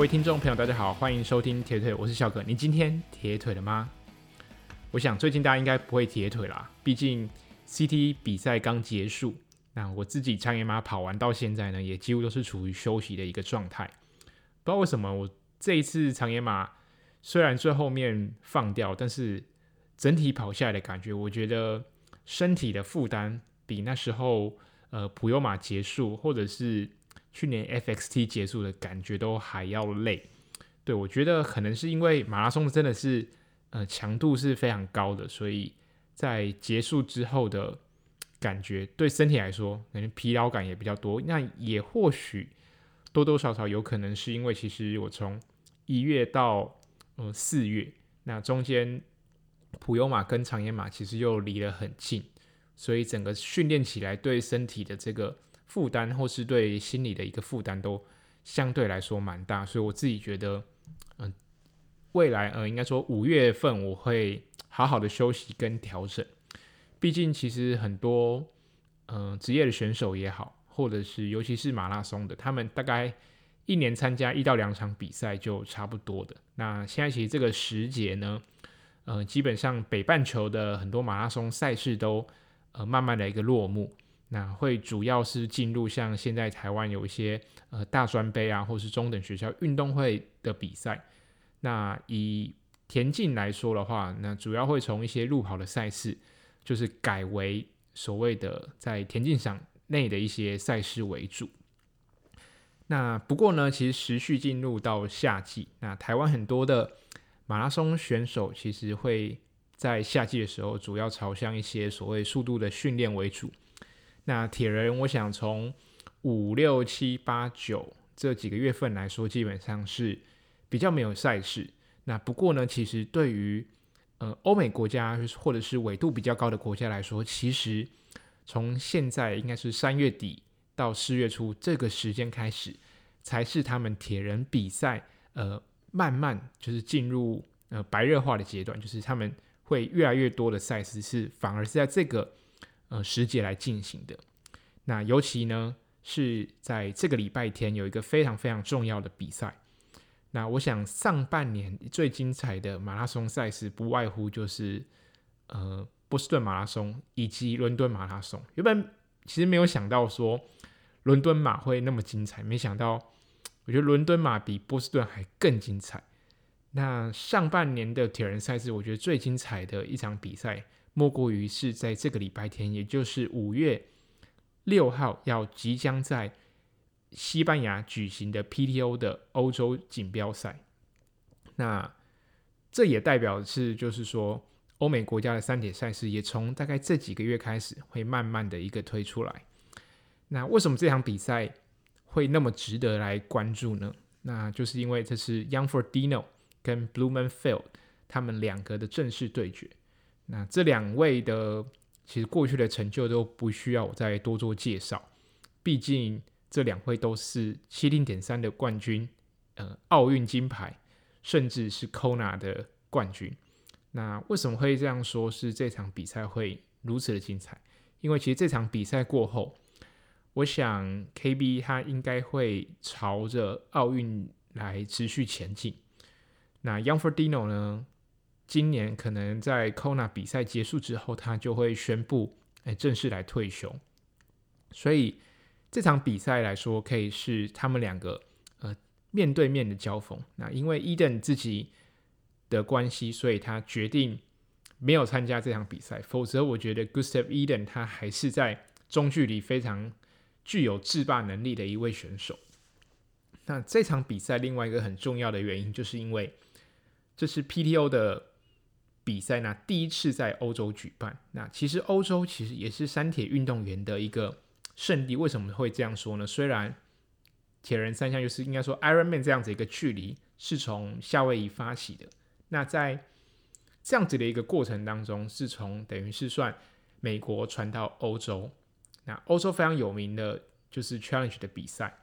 各位聽眾朋友，大家好，歡迎收聽鐵腿，我是小葛。你今天鐵腿了嗎？我想最近大家應該不會鐵腿啦，畢竟 CT 比賽剛結束。那我自己長野馬跑完到現在呢，也幾乎都是處於休息的一個狀態。不知道為什麼，我這一次長野馬雖然最後面放掉，但是整體跑下來的感覺，我覺得身體的負擔比那時候呃普悠馬結束或者是。去年 FXT 結束的感覺都還要累，對，我覺得可能是因為馬拉松真的是呃強度是非常高的，所以在結束之後的感覺對身體來說，感覺疲勞感也比較多。那也或許多多少少有可能是因為其實我從一月到嗯四月，那中間普悠馬跟長野馬其實又離得很近，所以整個訓練起來對身體的這個。負擔或是對心理的一個負擔都相對來說蠻大，所以我自己覺得，嗯，未來，呃應該說五月份我會好好的休息跟調整。畢竟，其實很多、呃，職業的選手也好，或者是尤其是馬拉松的，他們大概一年參加一到兩場比賽就差不多的。那現在其實這個時節呢，呃，基本上北半球的很多馬拉松賽事都呃慢慢的一個落幕。那會主要是進入像現在台灣有一些呃大專杯啊，或是中等學校運動會的比賽。那以田徑來說的話，那主要會從一些路跑的賽事，就是改為所謂的在田徑場內的一些賽事為主。那不過呢，其實持續進入到夏季，那台灣很多的馬拉松選手其實會在夏季的時候，主要朝向一些所謂速度的訓練為主。那鐵人，我想從五六七八九這幾個月份來說，基本上是比較沒有賽事。那不過呢，其實對於呃歐美國家或者是緯度比較高的國家來說，其實從現在應該是三月底到四月初這個時間開始，才是他們鐵人比賽呃慢慢就是進入呃白熱化的階段，就是他們會越來越多的賽事，是反而是在這個。呃，時節來進行的。那尤其呢，是在這個禮拜天有一個非常非常重要的比賽。那我想，上半年最精彩的馬拉松賽事，不外乎就是呃，波士頓馬拉松以及倫敦馬拉松。原本其實沒有想到說倫敦馬會那麼精彩，沒想到，我覺得倫敦馬比波士頓還更精彩。那上半年的鐵人賽事，我覺得最精彩的一場比賽。莫過於是在這個禮拜天，也就是五月六號，要即將在西班牙舉行的 PTO 的歐洲錦標賽。那這也代表的是，就是說，歐美國家的三鐵賽事也從大概這幾個月開始，會慢慢的一個推出來。那為什麼這場比賽會那麼值得來關注呢？那就是因為這是 Jan Fordeno 跟 Blummenfelt 他們兩個的正式對決。那這兩位的其實過去的成就都不需要我再多做介紹，畢竟這兩位都是七零點三的冠軍，呃，奧運金牌，甚至是 Kona 的冠軍。那為什麼會這樣說是這場比賽會如此的精彩？因為其實這場比賽過後，我想 KB 他應該會朝着奧運來持續前進。那 Jan Fordeno 呢？今年可能在 Kona 比賽結束之後，他就會宣布，哎正式來退休。所以這場比賽來說，可以是他們兩個呃面對面的交鋒。那因為 Eden 自己的關係，所以他決定沒有參加這場比賽。否則，我覺得 Gustav Eden 他還是在中距離非常具有制霸能力的一位選手。那這場比賽另外一個很重要的原因，就是因為這是 PTO 的。比賽呢，第一次在歐洲舉辦。那其實歐洲其實也是三鐵運動員的一個聖地。為什麼會這樣說呢？雖然鐵人三項就是應該說 Iron Man 這樣子一個距離是從夏威夷發起的。那在這樣子的一個過程當中是，是從等於是算美國傳到歐洲。那歐洲非常有名的，就是 Challenge 的比賽。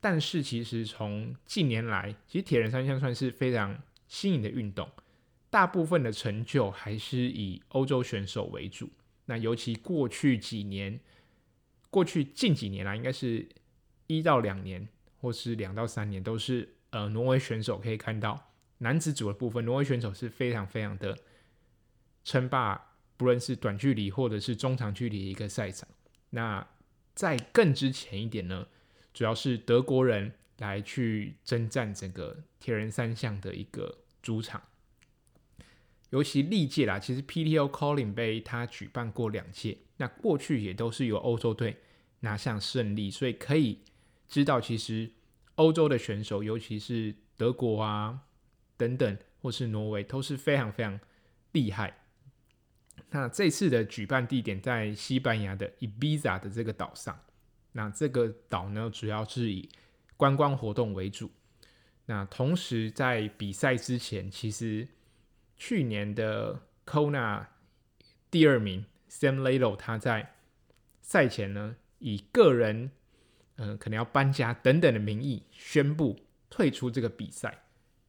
但是其實從近年來，其實鐵人三項算是非常新穎的運動。大部分的成就還是以歐洲選手為主，那尤其過去幾年，過去近幾年來啊，應該是一到兩年，或是兩到三年，都是呃挪威選手。可以看到男子組的部分，挪威選手是非常非常的稱霸，不論是短距離或者是中長距離的一個賽場。那在更之前一點呢，主要是德國人來去征戰整個鐵人三項的一個主場。尤其歷屆啦，其實 P T O Collins 杯它舉辦過兩屆，那過去也都是由歐洲隊拿下勝利，所以可以知道，其實歐洲的選手，尤其是德國啊等等，或是挪威，都是非常非常厲害。那這次的舉辦地點在西班牙的 Ibiza 的這個島上，那這個島呢，主要是以觀光活動為主。那同時在比賽之前，其實。去年的 Kona 第二名 Sam Laidlow，他在賽前呢以個人嗯、呃、可能要搬家等等的名義宣布退出這個比賽。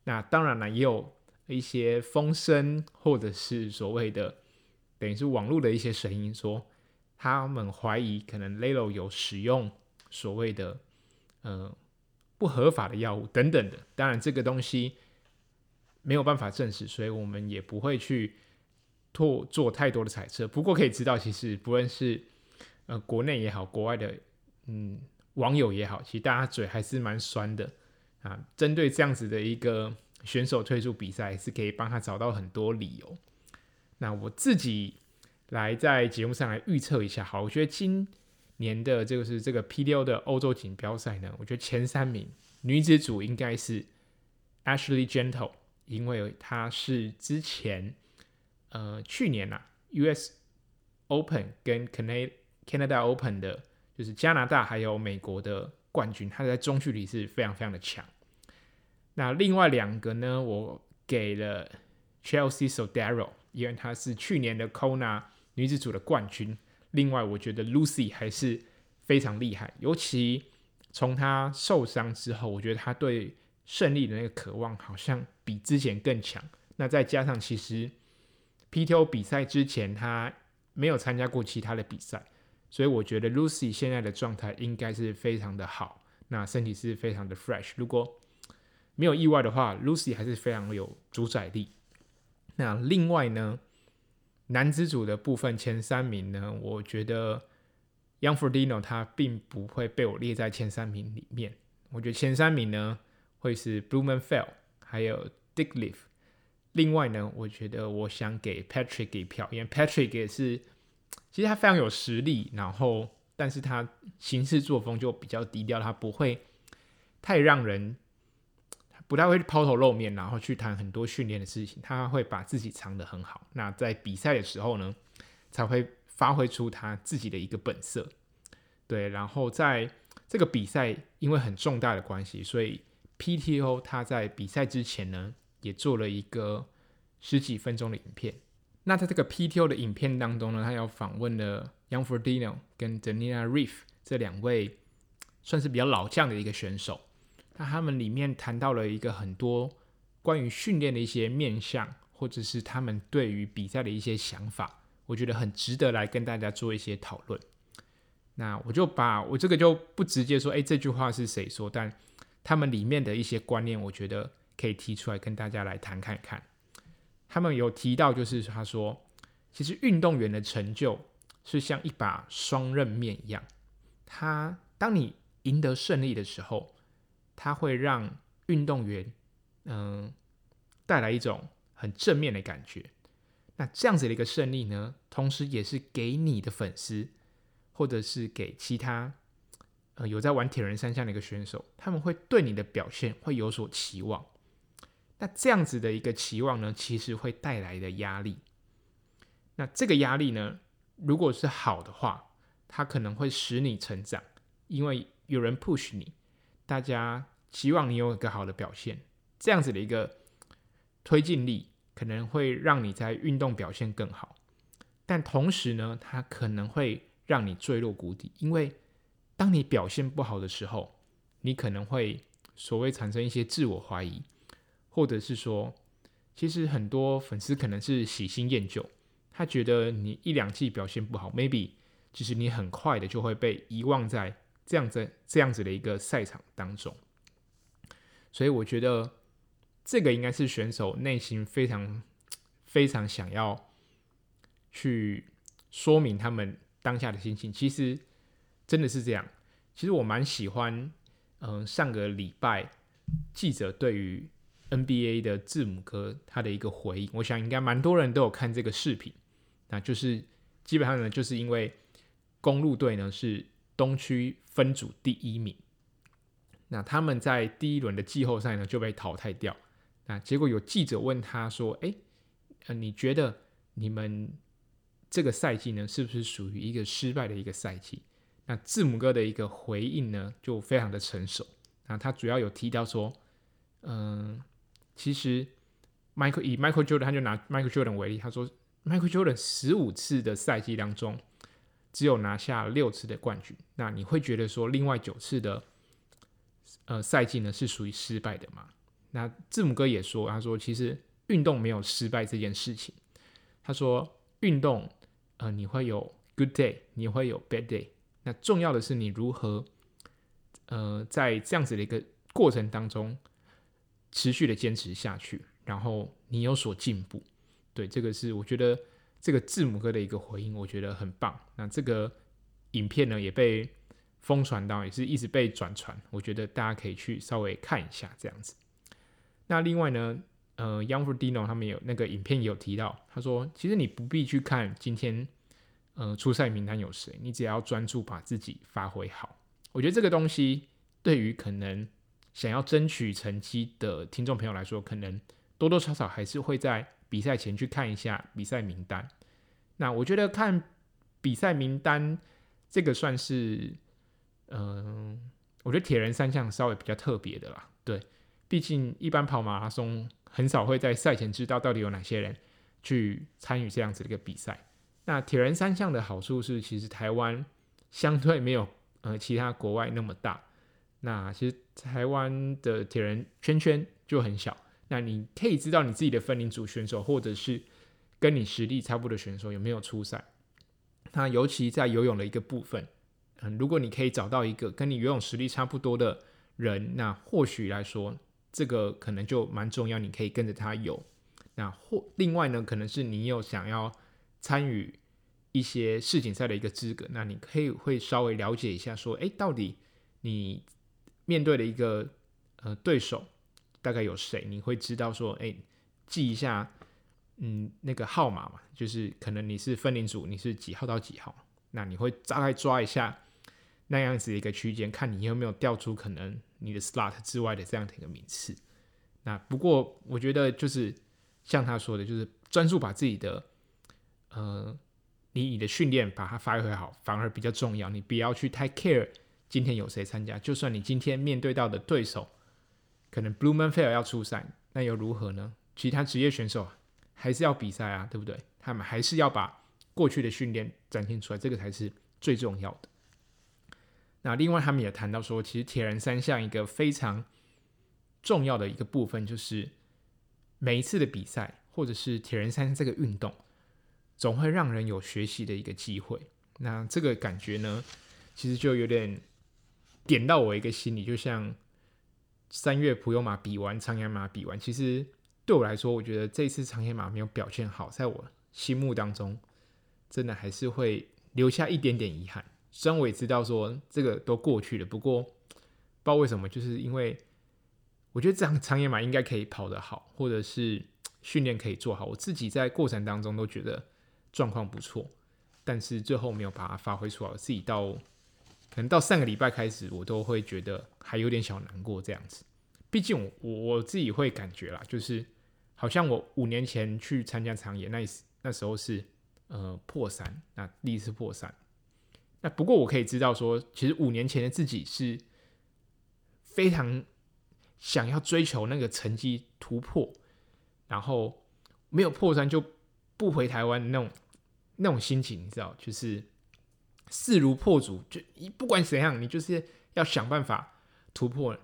那當然了，也有一些風聲或者是所謂的等於是網絡的一些聲音，說他們懷疑可能 Laidlow 有使用所謂的嗯、呃、不合法的藥物等等的。當然這個東西。沒有辦法證實，所以我們也不會去做做太多的猜測。不過可以知道，其實不論是呃國內也好，國外的嗯網友也好，其實大家嘴還是蠻酸的啊。針對這樣子的一個選手退出比賽，是可以幫他找到很多理由。那我自己來在節目上來預測一下，好，我覺得今年的這個、就是這個 PTO 的歐洲錦標賽呢，我覺得前三名女子組應該是 Ashley Gentle。因為他是之前呃去年吶、啊、，U.S. Open 跟 Can Canada Open 的，就是加拿大還有美國的冠軍，他在中距離是非常非常的強。那另外兩個呢，我給了 Chelsea Sodaro，因為他是去年的 Kona 女子組的冠軍。另外，我覺得 Lucy 還是非常厲害，尤其從她受傷之後，我覺得她對。勝利的那個渴望，好像比之前更強。那再加上，其實 PTO 比賽之前他沒有參加過其他的比賽，所以我覺得 Lucy 現在的狀態應該是非常的好，那身體是非常的 fresh。如果沒有意外的話，Lucy 還是非常有主宰力。那另外呢，男子組的部分前三名呢，我覺得 Jan Fordeno 他並不會被我列在前三名裡面。我覺得前三名呢。會是 Blummenfelt，還有 Dick Leaf。另外呢，我覺得我想給 Patrick 給票，因為 Patrick 也是，其實他非常有實力，然後但是他行事作風就比較低調，他不會太讓人不太會拋頭露面，然後去談很多訓練的事情，他會把自己藏得很好。那在比賽的時候呢，才會發揮出他自己的一個本色。對，然後在這個比賽因為很重大的關係，所以。PTO 他在比賽之前呢，也做了一個十幾分鐘的影片。那在這個 PTO 的影片當中呢，他要訪問了 Jan Fordeno 跟 Daniela Ryf 這兩位算是比較老將的一個選手。那他們裡面談到了一個很多關於訓練的一些面向，或者是他們對於比賽的一些想法，我覺得很值得來跟大家做一些討論。那我就把我這個就不直接說，哎、欸，這句話是誰說？但他們裡面的一些觀念，我覺得可以提出來跟大家來談看一看。他們有提到，就是他說，其實運動員的成就是像一把雙刃面一樣。他當你贏得勝利的時候，他會讓運動員、呃、嗯帶來一種很正面的感覺。那這樣子的一個勝利呢，同時也是給你的粉絲，或者是給其他。有在玩鐵人三項的一個選手，他們會對你的表現會有所期望。那這樣子的一個期望呢，其實會帶來的壓力。那這個壓力呢，如果是好的話，它可能會使你成長，因為有人 push 你，大家期望你有一個好的表現，這樣子的一個推進力可能會讓你在運動表現更好。但同時呢，它可能會讓你墜落谷底，因為。當你表現不好的時候，你可能會所謂產生一些自我懷疑，或者是說，其實很多粉絲可能是喜新厭舊，他覺得你一兩季表現不好，maybe，其實你很快的就會被遺忘在這樣子這樣子的一個賽場當中。所以我覺得這個應該是選手內心非常非常想要去說明他們當下的心情，其實。真的是這樣。其實我蠻喜歡，嗯、呃，上個禮拜記者對於 NBA 的字母哥他的一個回應，我想應該蠻多人都有看這個視頻。那就是基本上呢，就是因為公鹿隊呢是東區分組第一名，那他們在第一輪的季後賽呢就被淘汰掉。那結果有記者問他說：“哎、呃，你覺得你們這個賽季呢是不是屬於一個失敗的一個賽季？”那字母哥的一個回應呢，就非常的成熟。那他主要有提到說，嗯、呃，其實 Michael 以 Michael Jordan 他就拿 Michael Jordan 為例，他說 Michael Jordan 十五次的賽季當中，只有拿下六次的冠軍。那你會覺得說，另外九次的呃賽季呢是屬於失敗的嗎？那字母哥也說，他說其實運動沒有失敗這件事情。他說運動呃你會有 good day，你會有 bad day。那重要的是你如何，呃，在這樣子的一個過程當中，持續的堅持下去，然後你有所進步。對，這個是我覺得這個字母哥的一個回應，我覺得很棒。那這個影片呢也被瘋傳到，也是一直被轉傳，我覺得大家可以去稍微看一下這樣子。那另外呢，呃，Jan Fordeno 他們有那個影片也有提到，他說其實你不必去看今天，嗯，出賽、呃、名單有誰？你只要專注把自己發揮好。我覺得這個東西對於可能想要爭取成績的聽眾朋友來說，可能多多少少還是會在比賽前去看一下比賽名單。那我覺得看比賽名單這個算是，嗯、呃，我覺得鐵人三項稍微比較特別的啦。對，畢竟一般跑馬拉松，很少會在賽前知道到底有哪些人去參與這樣子的一個比賽。那鐵人三項的好處是，其實台灣相對沒有呃其他國外那麼大。那其實台灣的鐵人圈圈就很小。那你可以知道你自己的分齡組選手，或者是跟你實力差不多的選手有沒有出賽。那尤其在游泳的一個部分，嗯、呃，如果你可以找到一個跟你游泳實力差不多的人，那或許來說這個可能就蠻重要。你可以跟着他游。那或另外呢，可能是你有想要。參與一些世錦賽的一個資格，那你可以會稍微了解一下說，說、欸、哎，到底你面對的一個呃對手大概有誰？你會知道說哎、欸，記一下嗯那個號碼嘛，就是可能你是分齡組，你是幾號到幾號？那你會大概抓一下那樣子一個區間，看你有沒有掉出可能你的 slot 之外的這樣的一個名次。那不過我覺得就是像他說的，就是專注把自己的。呃，你你的訓練把它發揮好，反而比較重要。你不要去太 care 今天有誰參加，就算你今天面對到的對手可能 Blummenfelt 要出賽，那又如何呢？其他職業選手還是要比賽啊，對不對？他們還是要把過去的訓練展現出來，這個才是最重要的。那另外他們也談到說，其實鐵人三項一個非常重要的一個部分，就是每一次的比賽，或者是鐵人三項這個運動。總會讓人有學習的一個機會。那這個感覺呢，其實就有點點到我一個心裡，就像三月普悠瑪比完，長野馬比完，其實對我來說，我覺得這次長野馬沒有表現好，在我心目當中，真的還是會留下一點點遺憾。雖然我也知道說這個都過去了，不過不知道為什麼，就是因為我覺得這樣長野馬應該可以跑得好，或者是訓練可以做好，我自己在過程當中都覺得。狀況不錯，但是最後沒有把它發揮出來。我自己到，可能到上個禮拜開始，我都會覺得還有點小難過這樣子。畢竟我我，我自己會感覺啦，就是好像我五年前去參加長野那那時候是呃破三，那第一次破三。那不過我可以知道說，其實五年前的自己是，非常想要追求那個成績突破，然後沒有破三就不回台灣那種。那種心情你知道，就是勢如破竹，就一，不管怎樣，你就是要想辦法突破。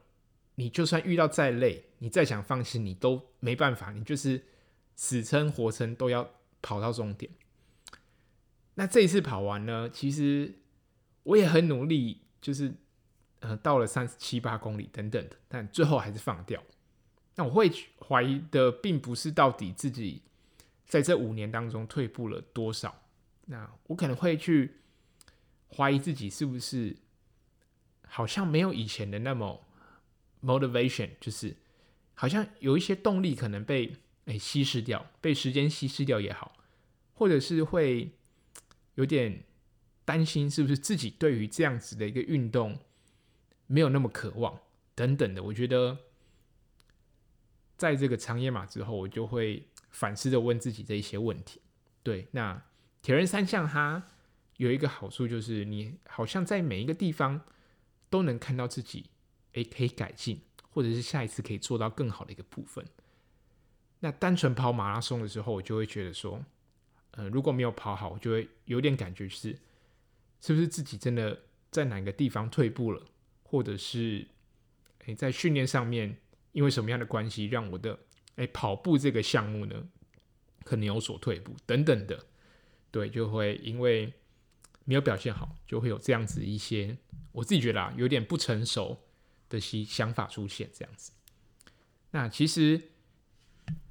你就算遇到再累，你再想放棄，你都沒辦法，你就是死撐活撐都要跑到終點。那這一次跑完呢，其實我也很努力，就是呃到了三十七八公里等等的，但最後還是放掉。那我會懷疑的，並不是到底自己在這五年當中退步了多少。那我可能會去懷疑自己是不是好像沒有以前的那麼 motivation，就是好像有一些動力可能被誒稀釋掉，被時間稀釋掉也好，或者是會有點擔心是不是自己對於這樣子的一個運動沒有那麼渴望等等的。我覺得在這個長野馬之後，我就會反思的問自己這一些問題。對，那。鐵人三項，它有一個好處，就是你好像在每一個地方都能看到自己，誒、欸，可以改進，或者是下一次可以做到更好的一個部分。那單純跑馬拉松的時候，我就會覺得說，呃，如果沒有跑好，我就會有點感覺是，是不是自己真的在哪個地方退步了，或者是哎、欸，在訓練上面因為什麼樣的關係，讓我的哎、欸，跑步這個項目呢，可能有所退步等等的。對，就會因為沒有表現好，就會有這樣子一些我自己覺得啊，有點不成熟的想法出現。這樣子，那其實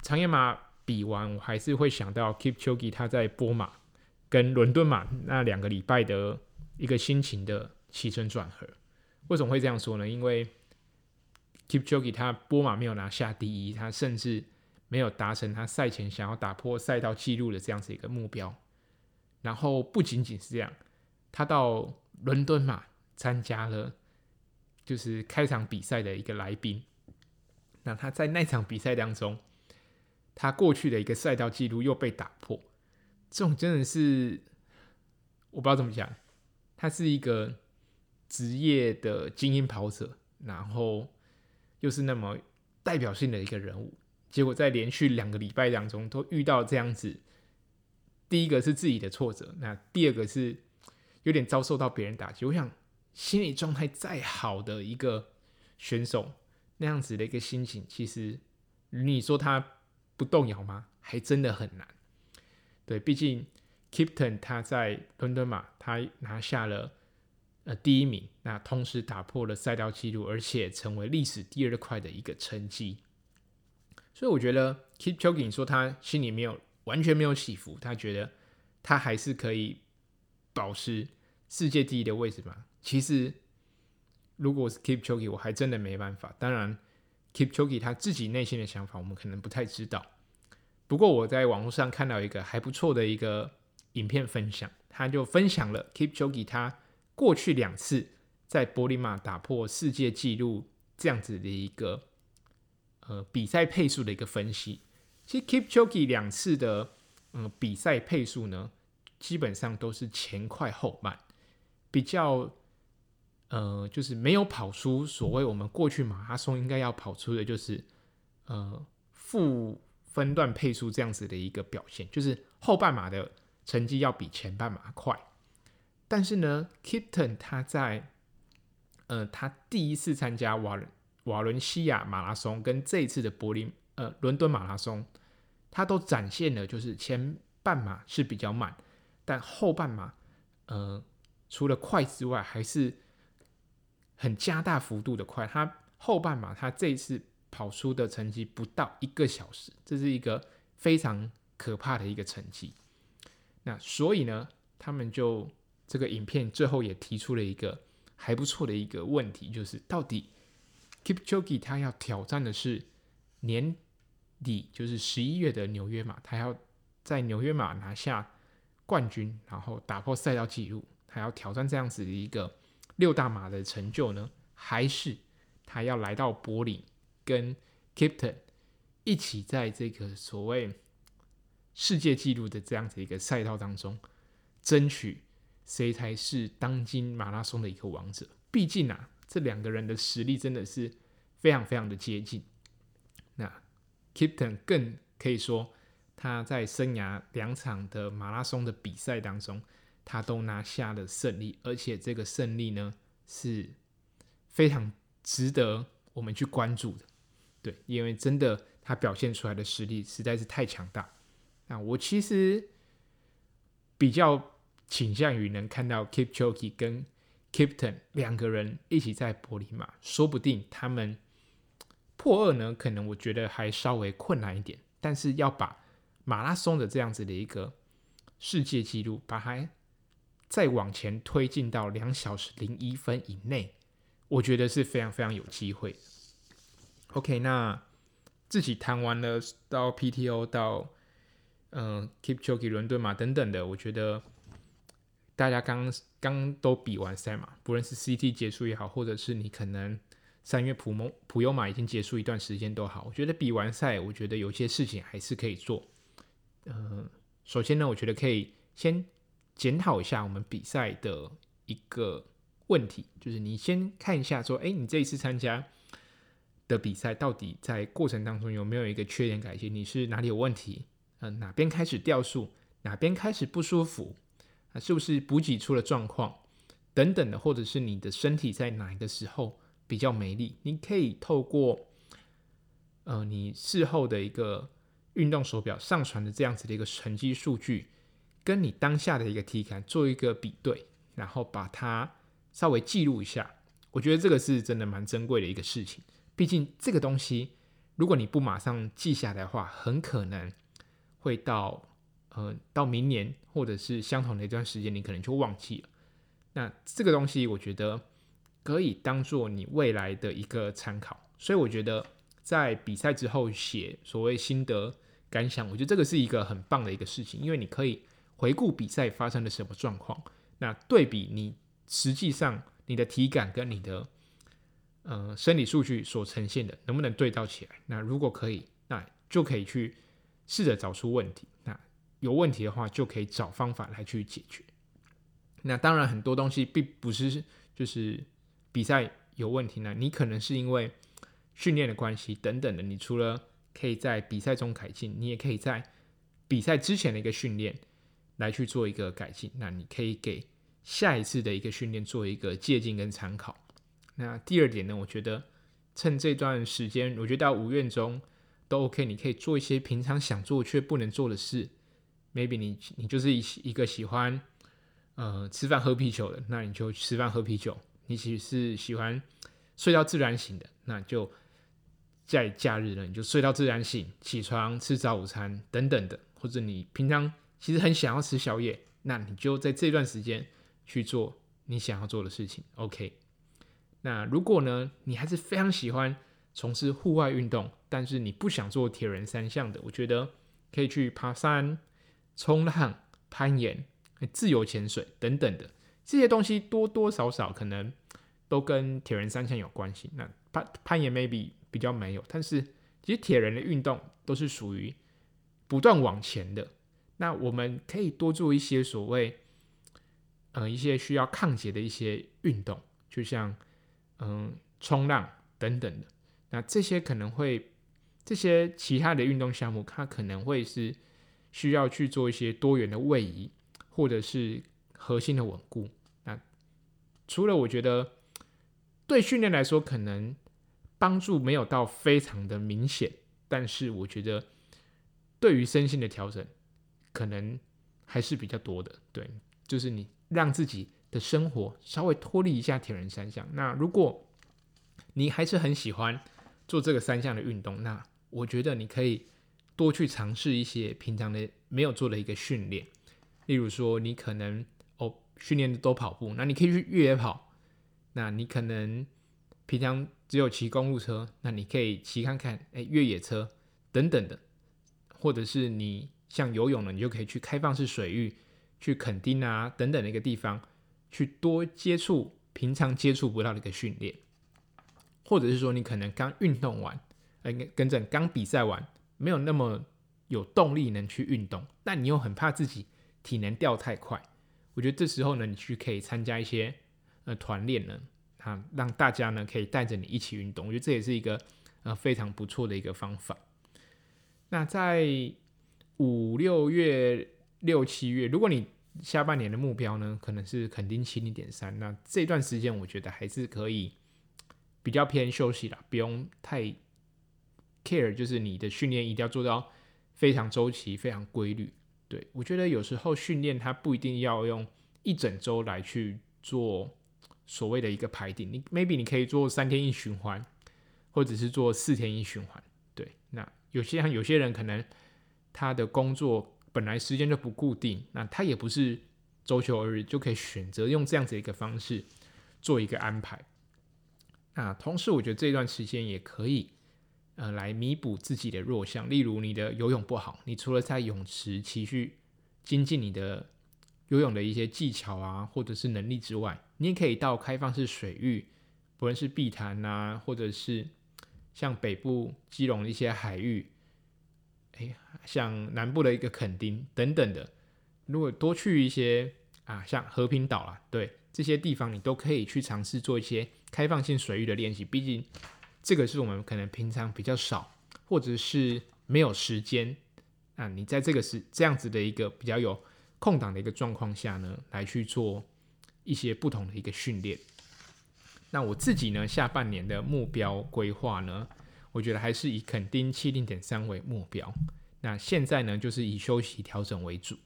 長野馬比完，我還是會想到 Kipchoge 他在波馬跟倫敦馬那兩個禮拜的一個心情的起承轉合。為什麼會這樣說呢？因為 Kipchoge 他波馬沒有拿下第一，他甚至沒有達成他賽前想要打破賽道紀錄的這樣子一個目標。然後不僅僅是這樣，他到倫敦嘛，參加了就是開場比賽的一個來賓。那他在那場比賽當中，他過去的一個賽道記錄又被打破。這種真的是我不知道怎麼講，他是一個職業的精英跑者，然後又是那麼代表性的一個人物，結果在連續兩個禮拜當中都遇到這樣子。第一個是自己的挫折，那第二個是有點遭受到別人打擊。我想，心理狀態再好的一個選手，那樣子的一個心情，其實你說他不動搖嗎？還真的很難。對，畢竟 Kiptum 他在倫敦嘛，他拿下了呃第一名，那同時打破了賽道記錄，而且成為歷史第二快的一個成績。所以我覺得 Kiptum 說他心裡沒有。完全沒有起伏，他覺得他還是可以保持世界第一的位置嘛。其實，如果是 Kipchoge 我還真的沒辦法。當然，Kipchoge 他自己內心的想法，我們可能不太知道。不過，我在網絡上看到一個還不錯的一個影片分享，他就分享了 Kipchoge 他過去兩次在柏林馬打破世界紀錄這樣子的一個呃比賽配速的一個分析。其實 Kipchoge 兩次的嗯、呃、比賽配速呢，基本上都是前快後慢，比較呃就是沒有跑出所謂我們過去馬拉松應該要跑出的就是呃負分段配速這樣子的一個表現，就是後半馬的成績要比前半馬快。但是呢，Kiptum 他在呃他第一次參加瓦倫瓦倫西亞馬拉松跟這一次的柏林。呃，倫敦馬拉松，他都展現了，就是前半馬是比較慢，但後半馬，呃，除了快之外，還是很加大幅度的快。他後半馬，他這一次跑出的成績不到一個小時，這是一個非常可怕的一個成績。那所以呢，他們就這個影片最後也提出了一個還不錯的一個問題，就是到底 Kipchoge 他要挑戰的是年，第，就是十一月的紐約馬，他要在紐約馬拿下冠軍，然後打破賽道紀錄，他要挑戰這樣子的一個六大馬的成就呢？還是他要來到柏林，跟 Kipton 一起在這個所謂世界紀錄的這樣子一個賽道當中，爭取誰才是當今馬拉松的一個王者？畢竟啊，這兩個人的實力真的是非常非常的接近。Kipton 更可以說，他在生涯兩場的馬拉松的比賽當中，他都拿下了勝利，而且這個勝利呢是非常值得我們去關注的。對，因為真的他表現出來的實力實在是太強大。那我其實比較傾向於能看到 Kipchoge 跟 Kipton 兩個人一起在柏林嘛，說不定他們。破二呢，可能我覺得還稍微困難一點，但是要把馬拉松的這樣子的一個世界紀錄，把它再往前推進到兩小時零一分以內，我覺得是非常非常有機會的。OK，那自己談完了到 PTO 到嗯、呃、Kipchoge 倫敦嘛等等的，我覺得大家剛剛都比完賽嘛，不論是 CT 結束也好，或者是你可能。三月普蒙普悠瑪已經結束一段時間都好，我覺得比完賽，我覺得有些事情還是可以做。嗯、呃，首先呢，我覺得可以先檢討一下我們比賽的一個問題，就是你先看一下，說，哎、欸，你這一次參加的比賽，到底在過程當中有沒有一個缺點改進？你是哪裡有問題？嗯、呃，哪邊開始掉速？哪邊開始不舒服？啊，是不是補給出了狀況？等等的，或者是你的身體在哪一個時候？比較沒力，你可以透過呃你事後的一個運動手錶上傳的這樣子的一個成績數據，跟你當下的一個體感做一個比對，然後把它稍微記錄一下。我覺得這個是真的蠻珍貴的一個事情，畢竟這個東西如果你不馬上記下來的話，很可能會到呃到明年或者是相同的一段時間，你可能就忘記了。那這個東西，我覺得。可以當做你未來的一個參考，所以我覺得在比賽之後寫所謂心得感想，我覺得這個是一個很棒的一個事情，因為你可以回顧比賽發生了什麼狀況，那對比你實際上你的體感跟你的呃生理數據所呈現的能不能對照起來？那如果可以，那就可以去試着找出問題。那有問題的話，就可以找方法來去解決。那當然，很多東西並不是就是。比賽有問題呢？啊，你可能是因為訓練的關係等等的。你除了可以在比賽中改進，你也可以在比賽之前的一個訓練來去做一個改進。那你可以給下一次的一個訓練做一個借鑑跟參考。那第二點呢，我覺得趁這段時間，我覺得到五月中都 OK，你可以做一些平常想做卻不能做的事。Maybe 你你就是一一個喜歡呃吃飯喝啤酒的，那你就吃飯喝啤酒。你其實是喜歡睡到自然醒的，那就在假日呢，你就睡到自然醒，起床吃早午餐等等的，或者你平常其實很想要吃宵夜，那你就在這段時間去做你想要做的事情，OK。那如果呢，你還是非常喜歡從事戶外運動，但是你不想做鐵人三項的，我覺得可以去爬山、衝浪、攀岩、自由潛水等等的。這些東西多多少少可能都跟鐵人三項有關係。那攀攀岩 maybe 比較沒有，但是其實鐵人的運動都是屬於不斷往前的。那我們可以多做一些所謂、呃，一些需要抗結的一些運動，就像嗯、呃、衝浪等等的。那這些可能會這些其他的運動項目，它可能會是需要去做一些多元的位移，或者是核心的穩固。除了我覺得對訓練來說可能幫助沒有到非常的明顯，但是我覺得對於身心的調整可能還是比較多的。對，就是你讓自己的生活稍微脫離一下鐵人三項。那如果你還是很喜歡做這個三項的運動，那我覺得你可以多去嘗試一些平常的沒有做的一個訓練，例如說你可能。訓練的多跑步，那你可以去越野跑。那你可能平常只有騎公路車，那你可以騎看看，哎、欸，越野車等等的，或者是你像游泳呢，你就可以去開放式水域去墾丁啊等等的一個地方，去多接觸平常接觸不到的一個訓練。或者是說，你可能剛運動完，哎、欸，更正，剛比賽完，沒有那麼有動力能去運動，但你又很怕自己體能掉太快。我覺得這時候呢，你去可以參加一些呃團練呢，啊，讓大家呢可以帶着你一起運動。我覺得這也是一個呃非常不錯的一個方法。那在五六月、六七月，如果你下半年的目標呢，可能是肯定70.3，那這段時間我覺得還是可以比較偏休息了，不用太 care，就是你的訓練一定要做到非常周期、非常規律。對，我覺得有時候訓練它不一定要用一整周來去做所謂的一個排定，你 maybe 你可以做三天一循環，或者是做四天一循環。對，那有些有些人可能他的工作本來時間就不固定，那他也不是周休二日，就可以選擇用這樣子一個方式做一個安排。那同時我覺得這段時間也可以。呃，來彌補自己的弱項。例如，你的游泳不好，你除了在泳池持續精進你的游泳的一些技巧啊，或者是能力之外，你也可以到開放式水域，不論是碧潭啊，或者是像北部基隆的一些海域，哎，像南部的一個墾丁等等的。如果多去一些啊，像和平島啊，對，這些地方，你都可以去嘗試做一些開放性水域的練習。畢竟。這個是我們可能平常比較少，或者是沒有時間啊，那你在這個是這樣子的一個比較有空檔的一個狀況下呢，來去做一些不同的一個訓練。那我自己呢，下半年的目標規劃呢，我覺得還是以墾丁70.3為目標。那現在呢，就是以休息調整為主。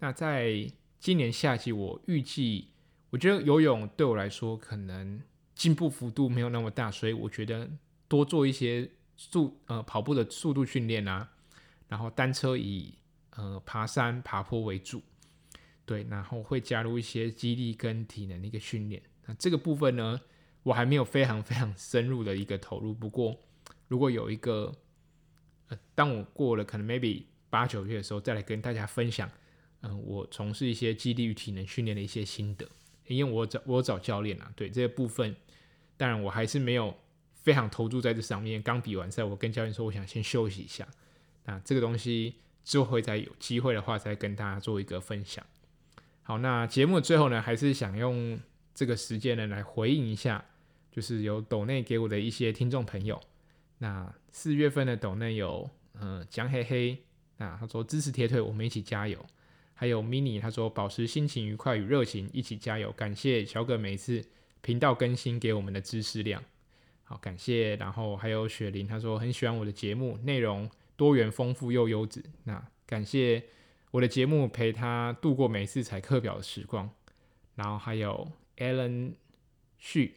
那在今年夏季，我預計，我覺得游泳對我來說可能。進步幅度沒有那麼大，所以我覺得多做一些速呃跑步的速度訓練啊，然後單車以呃爬山爬坡為主，對，然後會加入一些肌力跟體能的一個訓練。那這個部分呢，我還沒有非常非常深入的一個投入。不過如果有一個、呃，當我過了可能 maybe 八九月的時候，再來跟大家分享，嗯、呃，我從事一些肌力與體能訓練的一些心得。因為我找我找教練啊，對，這個部分。當然，但我還是沒有非常投注在這上面。剛比完賽，我跟教練說，我想先休息一下。那這個東西，之後再有機會的話，再跟大家做一個分享。好，那節目的最後呢，還是想用這個時間呢來回應一下，就是由抖內給我的一些聽眾朋友。那四月份的抖內有，嗯、呃，江黑黑，那他說支持鐵腿，我們一起加油。還有 mini，他說保持心情愉快與熱情，一起加油。感謝小葛每次。頻道更新給我們的知識量好，好感謝。然後還有雪玲，她說很喜歡我的節目，內容多元豐富又優質。那感謝我的節目陪他度過每一次踩課表的時光。然後還有 Alan 旭，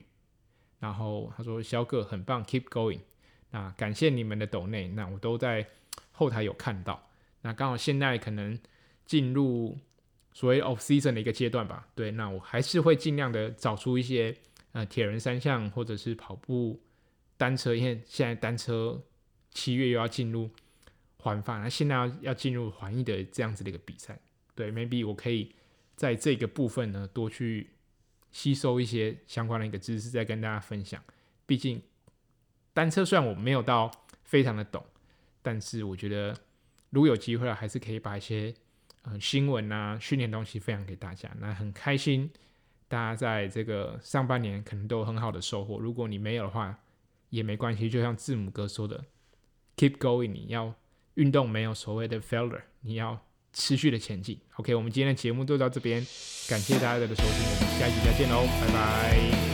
然後他說小葛很棒，Keep going。那感謝你們的抖內，那我都在後台有看到。那剛好現在可能進入。所以 off season 的一個階段吧，對，那我還是會儘量的找出一些呃鐵人三項或者是跑步、單車，因為現在單車七月又要進入環法，那現在要要進入環意的這樣子的一個比賽，對，maybe 我可以在這個部分呢多去吸收一些相關的一個知識，再跟大家分享。畢竟單車雖然我沒有到非常的懂，但是我覺得如果有機會了，還是可以把一些。新聞啊，訓練東西分享給大家，那很開心。大家在這個上半年可能都有很好的收穫，如果你沒有的話也沒關係，就像字母哥說的，keep going，你要運動沒有所謂的 failure，你要持續的前進。OK，我們今天的節目就到這邊，感謝大家的收聽，我們下期再見嘍，拜拜。